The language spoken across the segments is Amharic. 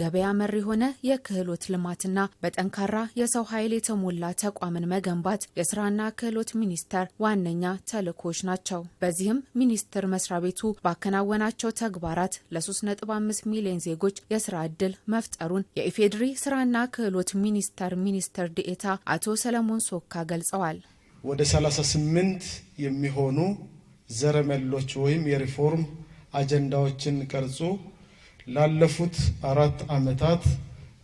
ገበያ መር የሆነ የክህሎት ልማትና በጠንካራ የሰው ኃይል የተሞላ ተቋምን መገንባት የስራና ክህሎት ሚኒስቴር ዋነኛ ተልዕኮች ናቸው። በዚህም ሚኒስቴር መስሪያ ቤቱ ባከናወናቸው ተግባራት ለ3.5 ሚሊዮን ዜጎች የስራ ዕድል መፍጠሩን የኢፌዴሪ ስራና ክህሎት ሚኒስቴር ሚኒስትር ዴኤታ አቶ ሰለሞን ሶካ ገልጸዋል። ወደ 38 የሚሆኑ ዘረመሎች ወይም የሪፎርም አጀንዳዎችን ቀርጾ ላለፉት አራት ዓመታት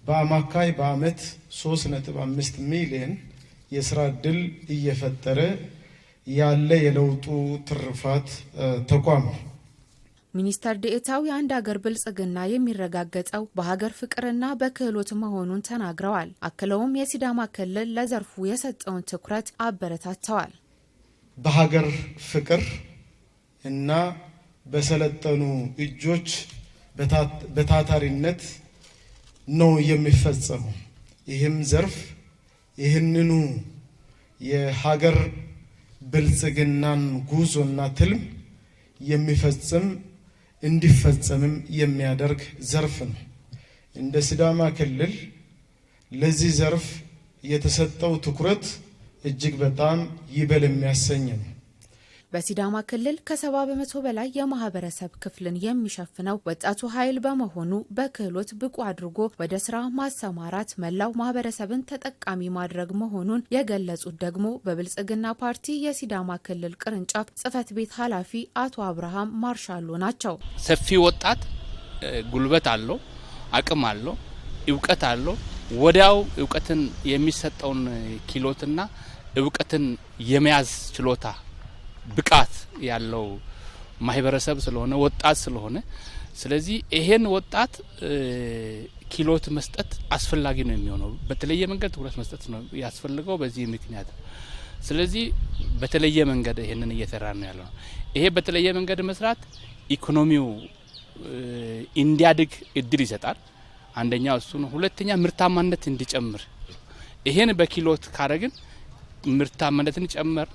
በአማካይ በዓመት 3.5 ሚሊዮን የስራ እድል እየፈጠረ ያለ የለውጡ ትርፋት ተቋም ነው። ሚኒስተር ዴኤታው የአንድ ሀገር ብልጽግና የሚረጋገጠው በሀገር ፍቅርና በክህሎት መሆኑን ተናግረዋል። አክለውም የሲዳማ ክልል ለዘርፉ የሰጠውን ትኩረት አበረታተዋል። በሀገር ፍቅር እና በሰለጠኑ እጆች በታታሪነት ነው የሚፈጸመው። ይህም ዘርፍ ይህንኑ የሀገር ብልጽግናን ጉዞና ትልም የሚፈጽም እንዲፈጸምም የሚያደርግ ዘርፍ ነው። እንደ ሲዳማ ክልል ለዚህ ዘርፍ የተሰጠው ትኩረት እጅግ በጣም ይበል የሚያሰኝ ነው። በሲዳማ ክልል ከሰባ በመቶ በላይ የማህበረሰብ ክፍልን የሚሸፍነው ወጣቱ ኃይል በመሆኑ በክህሎት ብቁ አድርጎ ወደ ስራ ማሰማራት መላው ማህበረሰብን ተጠቃሚ ማድረግ መሆኑን የገለጹት ደግሞ በብልጽግና ፓርቲ የሲዳማ ክልል ቅርንጫፍ ጽህፈት ቤት ኃላፊ አቶ አብርሃም ማርሻሉ ናቸው። ሰፊ ወጣት ጉልበት አለው፣ አቅም አለው፣ እውቀት አለው። ወዲያው እውቀትን የሚሰጠውን ኪሎትና እውቀትን የመያዝ ችሎታ ብቃት ያለው ማህበረሰብ ስለሆነ ወጣት ስለሆነ ስለዚህ ይሄን ወጣት ኪሎት መስጠት አስፈላጊ ነው የሚሆነው። በተለየ መንገድ ትኩረት መስጠት ነው ያስፈልገው። በዚህ ምክንያት ስለዚህ በተለየ መንገድ ይሄንን እየሰራ ነው ያለው። ይሄ በተለየ መንገድ መስራት ኢኮኖሚው እንዲያድግ እድል ይሰጣል። አንደኛ እሱ ነው። ሁለተኛ ምርታማነት እንዲጨምር ይሄን በኪሎት ካረግን ምርታማነትን ጨመር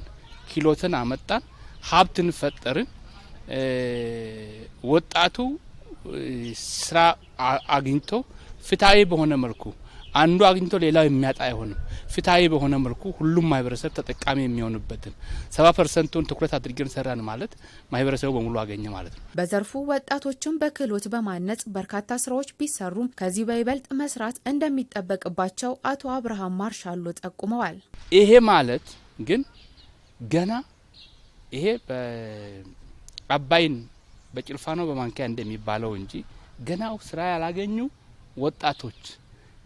ክህሎትን አመጣን፣ ሀብትን ፈጠርን። ወጣቱ ስራ አግኝቶ ፍትሐዊ በሆነ መልኩ አንዱ አግኝቶ ሌላው የሚያጣ አይሆንም። ፍትሐዊ በሆነ መልኩ ሁሉም ማህበረሰብ ተጠቃሚ የሚሆንበትን ሰባ ፐርሰንቱን ትኩረት አድርገን ሰራን ማለት ማህበረሰቡ በሙሉ አገኘ ማለት ነው። በዘርፉ ወጣቶችን በክህሎት በማነጽ በርካታ ስራዎች ቢሰሩም ከዚህ በይበልጥ መስራት እንደሚጠበቅባቸው አቶ አብርሃም ማርሻሎ ጠቁመዋል። ይሄ ማለት ግን ገና ይሄ አባይን በጭልፋ ነው በማንኪያ እንደሚባለው እንጂ ገናው ስራ ያላገኙ ወጣቶች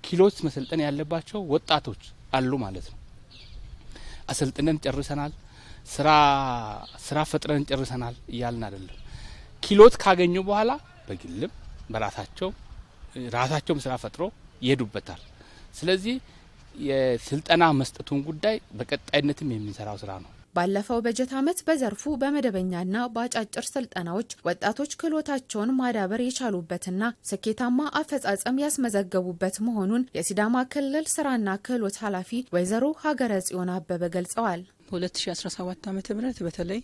ኪሎች መሰልጠን ያለባቸው ወጣቶች አሉ ማለት ነው። አሰልጥነን ጨርሰናል፣ ስራ ስራ ፈጥረን ጨርሰናል እያልን አይደለም። ኪሎት ካገኙ በኋላ በግልም በራሳቸው ራሳቸውም ስራ ፈጥሮ ይሄዱበታል። ስለዚህ የስልጠና መስጠቱን ጉዳይ በቀጣይነትም የምንሰራው ስራ ነው። ባለፈው በጀት ዓመት በዘርፉ በመደበኛና በአጫጭር ስልጠናዎች ወጣቶች ክህሎታቸውን ማዳበር የቻሉበትና ስኬታማ አፈጻጸም ያስመዘገቡበት መሆኑን የሲዳማ ክልል ስራና ክህሎት ኃላፊ ወይዘሮ ሀገረ ጽዮን አበበ ገልጸዋል። 2017 ዓ ም በተለይ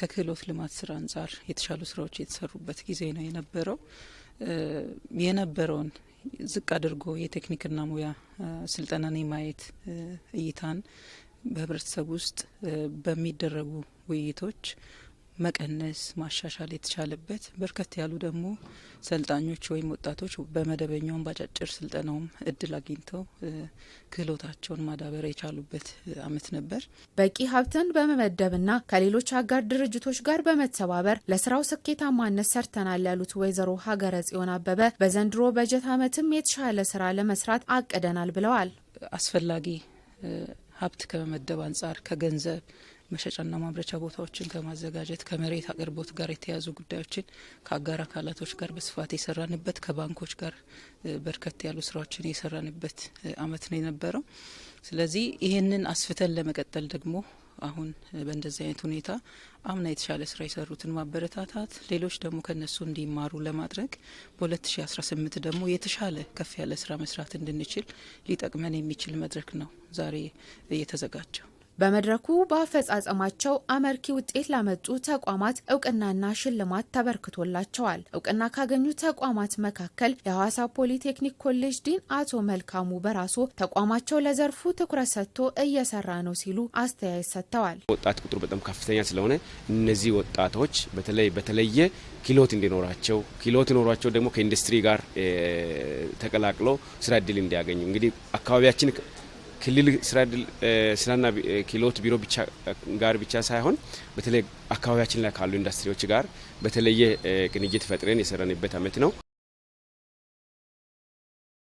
ከክህሎት ልማት ስራ አንጻር የተሻሉ ስራዎች የተሰሩበት ጊዜ ነው የነበረው የነበረውን ዝቅ አድርጎ የቴክኒክና ሙያ ስልጠናን የማየት እይታን በህብረተሰቡ ውስጥ በሚደረጉ ውይይቶች መቀነስ ማሻሻል የተቻለበት በርከት ያሉ ደግሞ ሰልጣኞች ወይም ወጣቶች በመደበኛውም ባጫጭር ስልጠናውም እድል አግኝተው ክህሎታቸውን ማዳበር የቻሉበት አመት ነበር። በቂ ሀብትን በመመደብና ከሌሎች አጋር ድርጅቶች ጋር በመተባበር ለስራው ስኬታማነት ሰርተናል ያሉት ወይዘሮ ሀገረ ጽዮን አበበ በዘንድሮ በጀት ዓመትም የተሻለ ስራ ለመስራት አቅደናል ብለዋል። አስፈላጊ ሀብት ከመመደብ አንጻር ከገንዘብ መሸጫና ማምረቻ ቦታዎችን ከማዘጋጀት ከመሬት አቅርቦት ጋር የተያዙ ጉዳዮችን ከአጋር አካላቶች ጋር በስፋት የሰራንበት ከባንኮች ጋር በርከት ያሉ ስራዎችን የሰራንበት አመት ነው የነበረው። ስለዚህ ይህንን አስፍተን ለመቀጠል ደግሞ አሁን በእንደዚህ አይነት ሁኔታ አምና የተሻለ ስራ የሰሩትን ማበረታታት፣ ሌሎች ደግሞ ከነሱ እንዲማሩ ለማድረግ በ2018 ደግሞ የተሻለ ከፍ ያለ ስራ መስራት እንድንችል ሊጠቅመን የሚችል መድረክ ነው ዛሬ እየተዘጋጀው በመድረኩ በአፈጻጸማቸው አመርኪ ውጤት ላመጡ ተቋማት እውቅናና ሽልማት ተበርክቶላቸዋል። እውቅና ካገኙ ተቋማት መካከል የሐዋሳ ፖሊቴክኒክ ኮሌጅ ዲን አቶ መልካሙ በራሶ ተቋማቸው ለዘርፉ ትኩረት ሰጥቶ እየሰራ ነው ሲሉ አስተያየት ሰጥተዋል። ወጣት ቁጥሩ በጣም ከፍተኛ ስለሆነ እነዚህ ወጣቶች በተለይ በተለየ ኪሎት እንዲኖራቸው ኪሎት ኖሯቸው ደግሞ ከኢንዱስትሪ ጋር ተቀላቅሎ ስራ እድል እንዲያገኙ እንግዲህ አካባቢያችን ክልል ስራና ክህሎት ቢሮ ብቻ ጋር ብቻ ሳይሆን በተለይ አካባቢያችን ላይ ካሉ ኢንዱስትሪዎች ጋር በተለየ ቅንጅት ፈጥረን የሰራንበት አመት ነው።